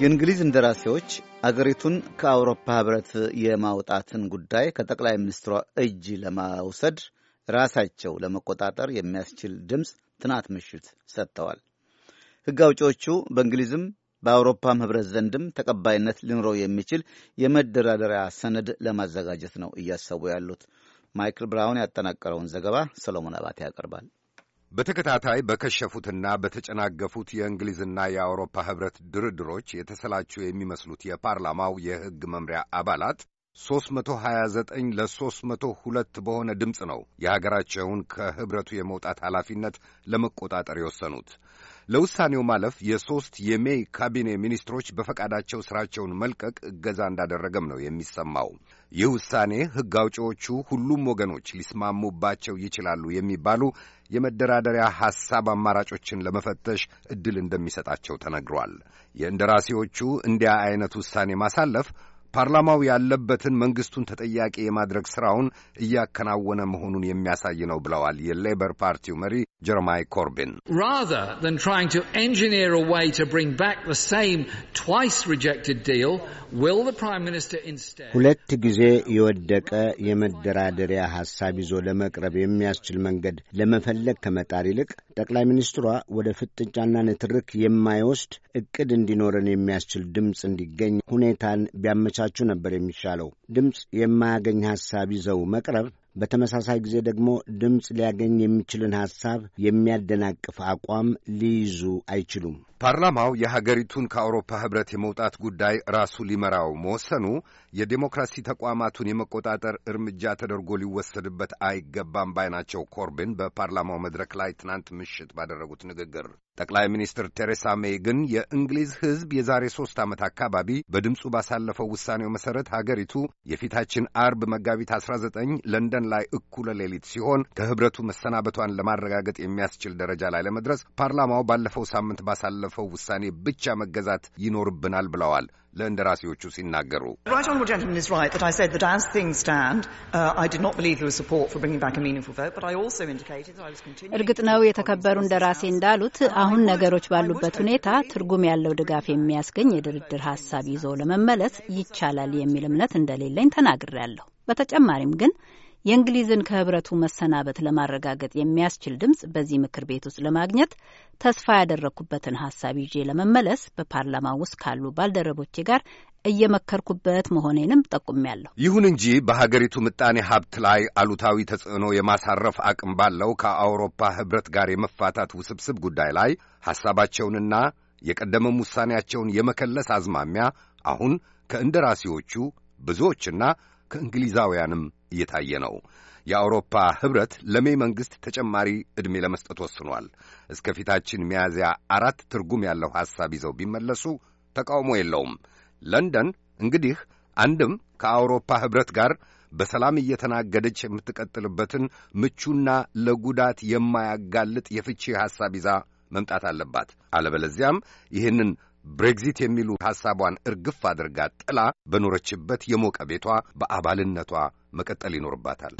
የእንግሊዝ እንደራሴዎች አገሪቱን ከአውሮፓ ህብረት የማውጣትን ጉዳይ ከጠቅላይ ሚኒስትሯ እጅ ለማውሰድ ራሳቸው ለመቆጣጠር የሚያስችል ድምፅ ትናት ምሽት ሰጥተዋል። ሕግ አውጪዎቹ በእንግሊዝም በአውሮፓም ህብረት ዘንድም ተቀባይነት ሊኖረው የሚችል የመደራደሪያ ሰነድ ለማዘጋጀት ነው እያሰቡ ያሉት። ማይክል ብራውን ያጠናቀረውን ዘገባ ሰሎሞን አባቴ ያቀርባል። በተከታታይ በከሸፉትና በተጨናገፉት የእንግሊዝና የአውሮፓ ኅብረት ድርድሮች የተሰላቸው የሚመስሉት የፓርላማው የሕግ መምሪያ አባላት 329 ለ302 በሆነ ድምፅ ነው የሀገራቸውን ከኅብረቱ የመውጣት ኃላፊነት ለመቆጣጠር የወሰኑት። ለውሳኔው ማለፍ የሦስት የሜይ ካቢኔ ሚኒስትሮች በፈቃዳቸው ሥራቸውን መልቀቅ እገዛ እንዳደረገም ነው የሚሰማው። ይህ ውሳኔ ሕግ አውጪዎቹ ሁሉም ወገኖች ሊስማሙባቸው ይችላሉ የሚባሉ የመደራደሪያ ሐሳብ አማራጮችን ለመፈተሽ ዕድል እንደሚሰጣቸው ተነግሯል። የእንደራሴዎቹ እንዲያ ዐይነት ውሳኔ ማሳለፍ ፓርላማው ያለበትን መንግስቱን ተጠያቂ የማድረግ ስራውን እያከናወነ መሆኑን የሚያሳይ ነው ብለዋል የሌበር ፓርቲው መሪ ጀረማይ ኮርቢን። ሁለት ጊዜ የወደቀ የመደራደሪያ ሐሳብ ይዞ ለመቅረብ የሚያስችል መንገድ ለመፈለግ ከመጣር ይልቅ ጠቅላይ ሚኒስትሯ ወደ ፍጥጫና ንትርክ የማይወስድ እቅድ እንዲኖረን የሚያስችል ድምፅ እንዲገኝ ሁኔታን ቢያመቻ ራሳችሁ ነበር የሚሻለው። ድምፅ የማያገኝ ሐሳብ ይዘው መቅረብ፣ በተመሳሳይ ጊዜ ደግሞ ድምፅ ሊያገኝ የሚችልን ሐሳብ የሚያደናቅፍ አቋም ሊይዙ አይችሉም። ፓርላማው የሀገሪቱን ከአውሮፓ ኅብረት የመውጣት ጉዳይ ራሱ ሊመራው መወሰኑ የዴሞክራሲ ተቋማቱን የመቆጣጠር እርምጃ ተደርጎ ሊወሰድበት አይገባም ባይ ናቸው ኮርቢን በፓርላማው መድረክ ላይ ትናንት ምሽት ባደረጉት ንግግር ጠቅላይ ሚኒስትር ቴሬሳ ሜይ ግን የእንግሊዝ ሕዝብ የዛሬ ሦስት ዓመት አካባቢ በድምፁ ባሳለፈው ውሳኔው መሠረት ሀገሪቱ የፊታችን አርብ መጋቢት 19 ለንደን ላይ እኩለ ሌሊት ሲሆን ከኅብረቱ መሰናበቷን ለማረጋገጥ የሚያስችል ደረጃ ላይ ለመድረስ ፓርላማው ባለፈው ሳምንት ባሳለፈው ውሳኔ ብቻ መገዛት ይኖርብናል ብለዋል። ለእንደራሴዎቹ ሲናገሩ uh, እርግጥ ነው የተከበሩ እንደራሴ እንዳሉት አሁን ነገሮች ባሉበት ሁኔታ ትርጉም ያለው ድጋፍ የሚያስገኝ የድርድር ሀሳብ ይዞ ለመመለስ ይቻላል የሚል እምነት እንደሌለኝ ተናግሬያለሁ። በተጨማሪም ግን የእንግሊዝን ከህብረቱ መሰናበት ለማረጋገጥ የሚያስችል ድምፅ በዚህ ምክር ቤት ውስጥ ለማግኘት ተስፋ ያደረግኩበትን ሀሳብ ይዤ ለመመለስ በፓርላማ ውስጥ ካሉ ባልደረቦቼ ጋር እየመከርኩበት መሆኔንም ጠቁሜያለሁ። ይሁን እንጂ በሀገሪቱ ምጣኔ ሀብት ላይ አሉታዊ ተጽዕኖ የማሳረፍ አቅም ባለው ከአውሮፓ ህብረት ጋር የመፋታት ውስብስብ ጉዳይ ላይ ሐሳባቸውንና የቀደመም ውሳኔያቸውን የመከለስ አዝማሚያ አሁን ከእንደራሴዎቹ ብዙዎችና ከእንግሊዛውያንም እየታየ ነው። የአውሮፓ ኅብረት ለሜ መንግሥት ተጨማሪ ዕድሜ ለመስጠት ወስኗል። እስከ ፊታችን ሚያዝያ አራት ትርጉም ያለው ሐሳብ ይዘው ቢመለሱ ተቃውሞ የለውም። ለንደን እንግዲህ አንድም ከአውሮፓ ኅብረት ጋር በሰላም እየተናገደች የምትቀጥልበትን ምቹና ለጉዳት የማያጋልጥ የፍቺ ሐሳብ ይዛ መምጣት አለባት። አለበለዚያም ይህንን ብሬግዚት የሚሉ ሐሳቧን እርግፍ አድርጋ ጥላ በኖረችበት የሞቀ ቤቷ በአባልነቷ መቀጠል ይኖርባታል።